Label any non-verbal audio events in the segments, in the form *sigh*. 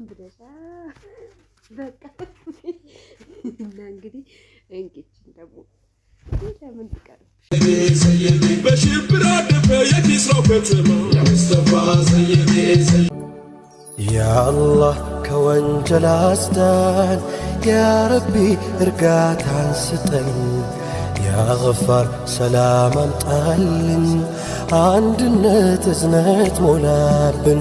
በቃ እና እንግዲህ እንግችን ደግሞ ለምን በሽብር አደፈ የኪስራው ከተማ ያአላህ ከወንጀል አስዳን፣ ያረቢ እርጋታን ስጠን፣ ያገፋር ሰላም አምጣልን፣ አንድነት እዝነት ሞላብን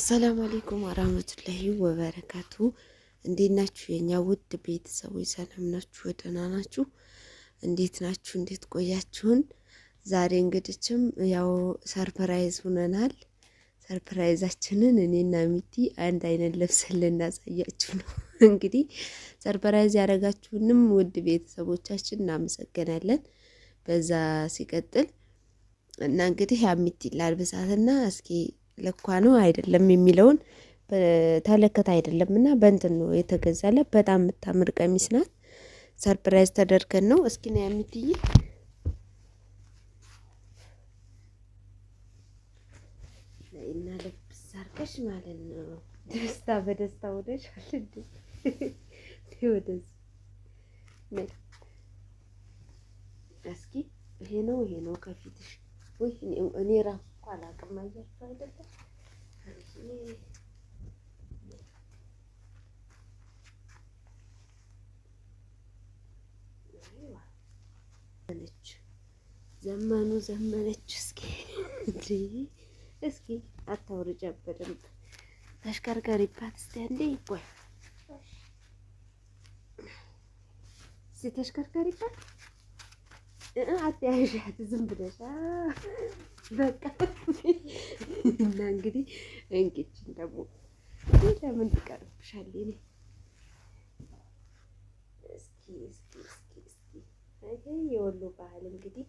አሰላሙ አሌይኩም ወራህመቱላሂ ወበረካቱ። እንዴት ናችሁ የእኛ ውድ ቤተሰቦች? ሰላም ናችሁ? ደህና ናችሁ? እንዴት ናችሁ? እንዴት ቆያችሁን? ዛሬ እንግዲችም ያው ሰርፕራይዝ ሁነናል። ሰርፕራይዛችንን እኔና ሚቲ አንድ አይነት ለብሰን ልናሳያችሁ ነው። እንግዲህ ሰርፕራይዝ ያደረጋችሁንም ውድ ቤተሰቦቻችን እናመሰግናለን። በዛ ሲቀጥል እና እንግዲህ ሚቲ ላልብሳትና እስኪ ለኳ ነው አይደለም የሚለውን ተለከት አይደለም እና በእንትን ነው የተገዛለ። በጣም የምታምር ቀሚስ ናት። ሰርፕራይዝ ተደርገን ነው። እስኪ ነው የምትይ እና ልብስ አድርገሽ ማለት ነው ደስታ በደስታ ወደሽ አልድ ወደዚ እስኪ ይሄ ነው ይሄ ነው ከፊትሽ ወይ እኔ ራሱ አላቅም። አያችሁ አይደለም ዘመኑ ዘመነች። እስኪ እስኪ አታውርጃ በደንብ ተሽከርካሪባት እስቲ አንዴ ይቆይ እስቲ ተሽከርካሪባት አትያዣት ዝም ብለሽ በቃ እና እንግዲህ እንቅጭን ደግሞ ለምን ትቀርብሻል? እኔ እስኪ እስኪ እስኪ እስኪ አይ የወሎ ባህል እንግዲህ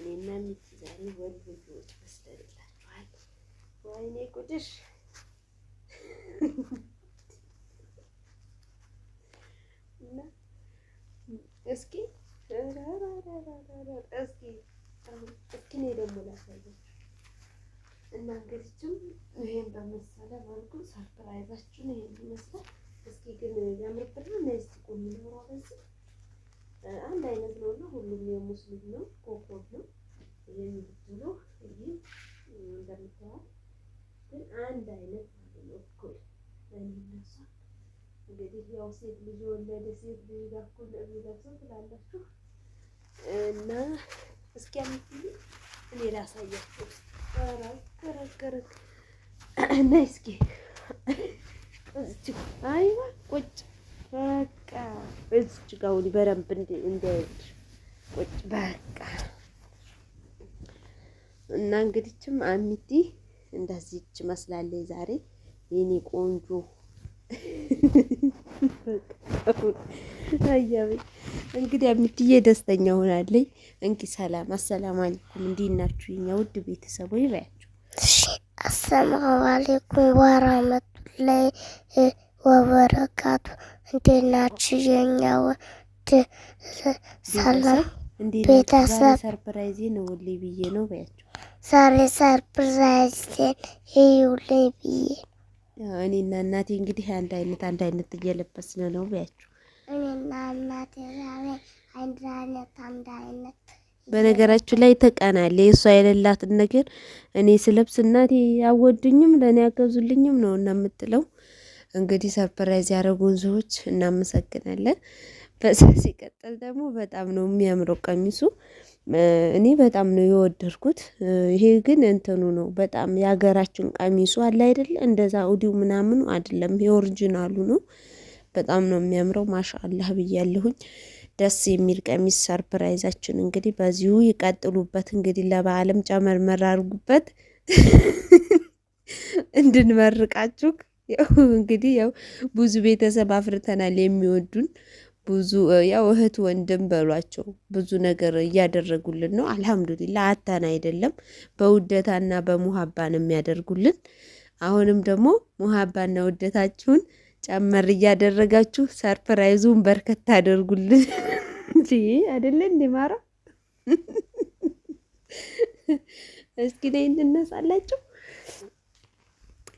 እኔና ሚኪ ዛሬ ወሎዬዎች መስለንላችኋል። ወይኔ ቁጭሽ እና እንግዲችም ይሄን በመሰለ መልኩ ሰርፕራይዛችን ይሄን ይመስላል። እስኪ ግን ያምርብና ነዚህ ቁም ነው በዚህ አንድ አይነት ነው እና ሁሉም የሙስሊም ነው፣ ኮኮብ ነው። ይሄን ብትሉ ይሄ እንደምታዩት ግን አንድ አይነት ነው እኩል ለሚነሳ እንግዲህ ያው ሴት ልጅ ወለደ ሴት ልጅ ጋር እኩል የሚለብሰው ትላላችሁ እና እስኪ ያምርብኝ እኔ ላሳያችሁ። ገረገረግ እና እስኪ እዚሁ አይዋ ቁጭ በቃ እዚች ጋር ሁሉ በደንብ እንዳይልሽ ቁጭ በቃ እና እንግዲችም አሚቲ እንደዚህች መስላለች ዛሬ የኔ ቆንጆ ታያበኝ እንግዲህ አሚትዬ ደስተኛ ሆናለኝ። እንግዲህ ሰላም አሰላም አለይኩም እንዴት ናችሁ የኛ ውድ ቤተሰቦች? ይበያችሁ። አሰላሙ አለይኩም ወራህመቱላሂ ወበረካቱ። እንዴት ናችሁ የኛ ውድ ሰላም ቤተሰብ? ሰርፕራይዝ ነው ልይ ብዬ ነው በያችሁ። ዛሬ ሰርፕራይዝ ይውልኝ ብዬ እኔና እናቴ እንግዲህ አንድ አይነት አንድ አይነት እየለበስን ነው በያችሁ እኔና እናቴ ዛሬ አንድ አይነት አንድ አይነት በነገራችሁ ላይ ተቀናል። የእሷ የሌላትን ነገር እኔ ስለብስ እናቴ አወዱኝም ለእኔ ያገዙልኝም ነው እና የምትለው እንግዲህ ሰርፕራይዝ ያደረጉን ሰዎች እናመሰግናለን። በዛ ሲቀጥል ደግሞ በጣም ነው የሚያምረው ቀሚሱ። እኔ በጣም ነው የወደድኩት። ይሄ ግን እንትኑ ነው በጣም የሀገራችን ቀሚሱ አለ አይደለ? እንደዛ ኦዲው ምናምኑ አይደለም፣ ይሄ ነው። በጣም ነው የሚያምረው። ማሻአላህ ብያለሁኝ። ደስ የሚል ቀሚስ ሰርፕራይዛችን እንግዲህ በዚሁ ይቀጥሉበት። እንግዲህ ለበዓልም ጨመርመር አድርጉበት *laughs* እንድንመርቃችሁ። ያው እንግዲህ ያው ብዙ ቤተሰብ አፍርተናል የሚወዱን ብዙ ያው እህት ወንድም በሏቸው ብዙ ነገር እያደረጉልን ነው። አልሐምዱሊላ አታን አይደለም በውደታና በሙሀባ ነው የሚያደርጉልን። አሁንም ደግሞ ሙሀባና ውደታችሁን ጨመር እያደረጋችሁ ሰርፕራይዙን በርከት አደርጉልን እንጂ አይደለ እንዴ? እስኪ ላይ እንነሳላችሁ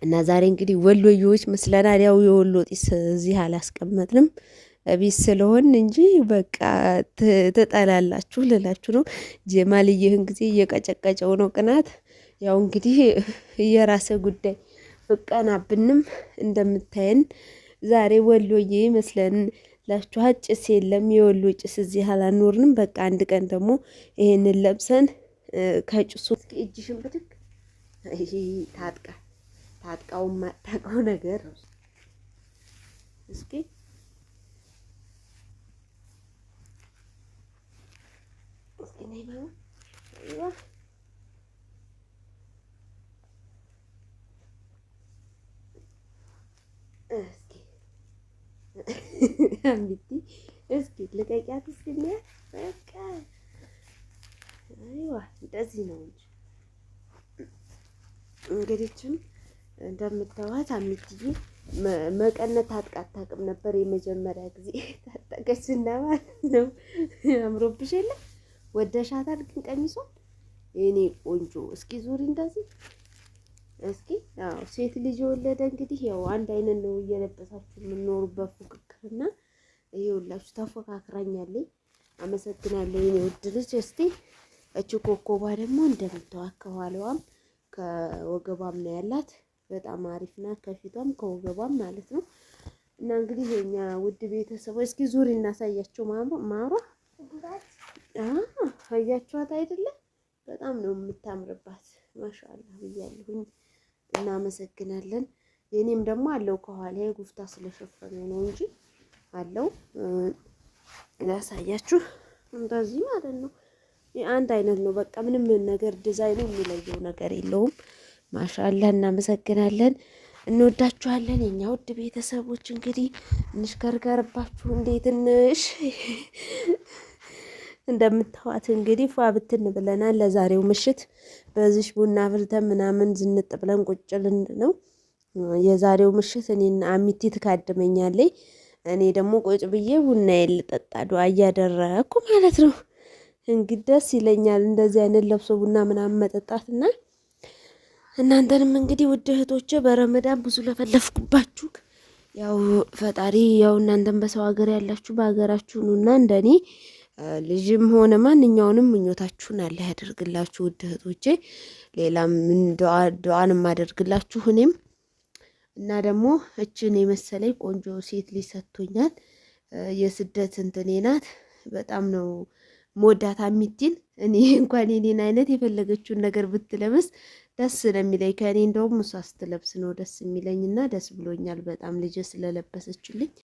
እና ዛሬ እንግዲህ ወሎዬዎች መስለናል። ያው የወሎ ጢስ እዚህ አላስቀመጥንም ቤት ስለሆን እንጂ በቃ ትጠላላችሁ ልላችሁ ነው። ጀማል ይህን ጊዜ እየቀጨቀጨው ነው ቅናት። ያው እንግዲህ የራሰ ጉዳይ ቀና ብንም እንደምታየን ዛሬ ወሎዬ ይመስለን ላችኋ። ጭስ የለም የወሎ ጭስ እዚህ አላኖርንም። በቃ አንድ ቀን ደግሞ ይሄንን ለብሰን ከጭሱ እጅሽን ብድግ ታጥቃ ታጥቃው ማጣቀው ነገር እስኪ እስኪ አንቢቲ *laughs* እስኪ ልቀቂያት እስኪ እናያት። በቃ አይዋ እንደዚህ ነው እንጂ እንግዲችም እንደምታዋት አሚትዬ መቀነት ታጥቃ አታውቅም ነበር። የመጀመሪያ ጊዜ *laughs* ታጠቀች እና ነው። አምሮብሽ የለ ወደሻታል። ግን ቀሚሷን የኔ ቆንጆ እስኪ ዙሪ እንደዚህ እስኪ። ሴት ልጅ የወለደ እንግዲህ ያው አንድ አይነት ነው እየለበሳችሁ የምንኖሩበት ፉክክር እና ይኸውላችሁ ተፎካክራኛለኝ። አመሰግናለሁ የኔ ውድ ልጅ። እስቲ እች ኮኮባ ደግሞ እንደምታዋ ከኋላዋም ከወገቧም ነው ያላት። በጣም አሪፍ ናት፣ ከፊቷም ከወገቧም ማለት ነው። እና እንግዲህ የኛ ውድ ቤተሰቦች እስኪ ዙሪ እናሳያቸው። ማሯ አያችኋት አይደለም? በጣም ነው የምታምርባት። ማሻአላ ብያለሁኝ። እናመሰግናለን። የኔም ደግሞ አለው ከኋላ ጉፍታ ስለሸፈነ ነው እንጂ አለው ላሳያችሁ። እንደዚህ ማለት ነው። አንድ አይነት ነው። በቃ ምንም ነገር ዲዛይኑ የሚለየው ነገር የለውም። ማሻላ እናመሰግናለን። እንወዳችኋለን የኛ ውድ ቤተሰቦች። እንግዲህ እንሽከርከርባችሁ እንዴት ትንሽ እንደምታዋት እንግዲህ ፏ ብትን ብለናል። ለዛሬው ምሽት በዚሽ ቡና አፍልተን ምናምን ዝንጥ ብለን ቁጭልን ነው የዛሬው ምሽት። እኔን አሚቲ ትካድመኛለች እኔ ደግሞ ቁጭ ብዬ ቡና ልጠጣ ዱዓ እያደረኩ ማለት ነው። እንግዲህ ደስ ይለኛል እንደዚህ አይነት ለብሶ ቡና ምናምን መጠጣትና እናንተንም እንግዲህ ውድ እህቶቼ በረመዳን ብዙ ለፈለፍኩባችሁ ያው ፈጣሪ ያው እናንተን በሰው ሀገር ያላችሁ በሀገራችሁ ኑና እንደኔ ልጅም ሆነ ማንኛውንም ምኞታችሁን አለ ያደርግላችሁ። ውድ እህቶቼ ሌላም ዱዓን ማደርግላችሁ እኔም እና ደግሞ እችን የመሰለኝ ቆንጆ ሴት ሊሰጥቶኛል። የስደት እንትኔ ናት። በጣም ነው ሞዳታ የሚድል እኔ *laughs* እንኳን የኔን አይነት የፈለገችውን ነገር ብትለብስ ደስ ነው የሚለኝ። ከእኔ እንደውም እሷ ስትለብስ ነው ደስ የሚለኝ እና ደስ ብሎኛል በጣም ልጅ ስለለበሰችልኝ።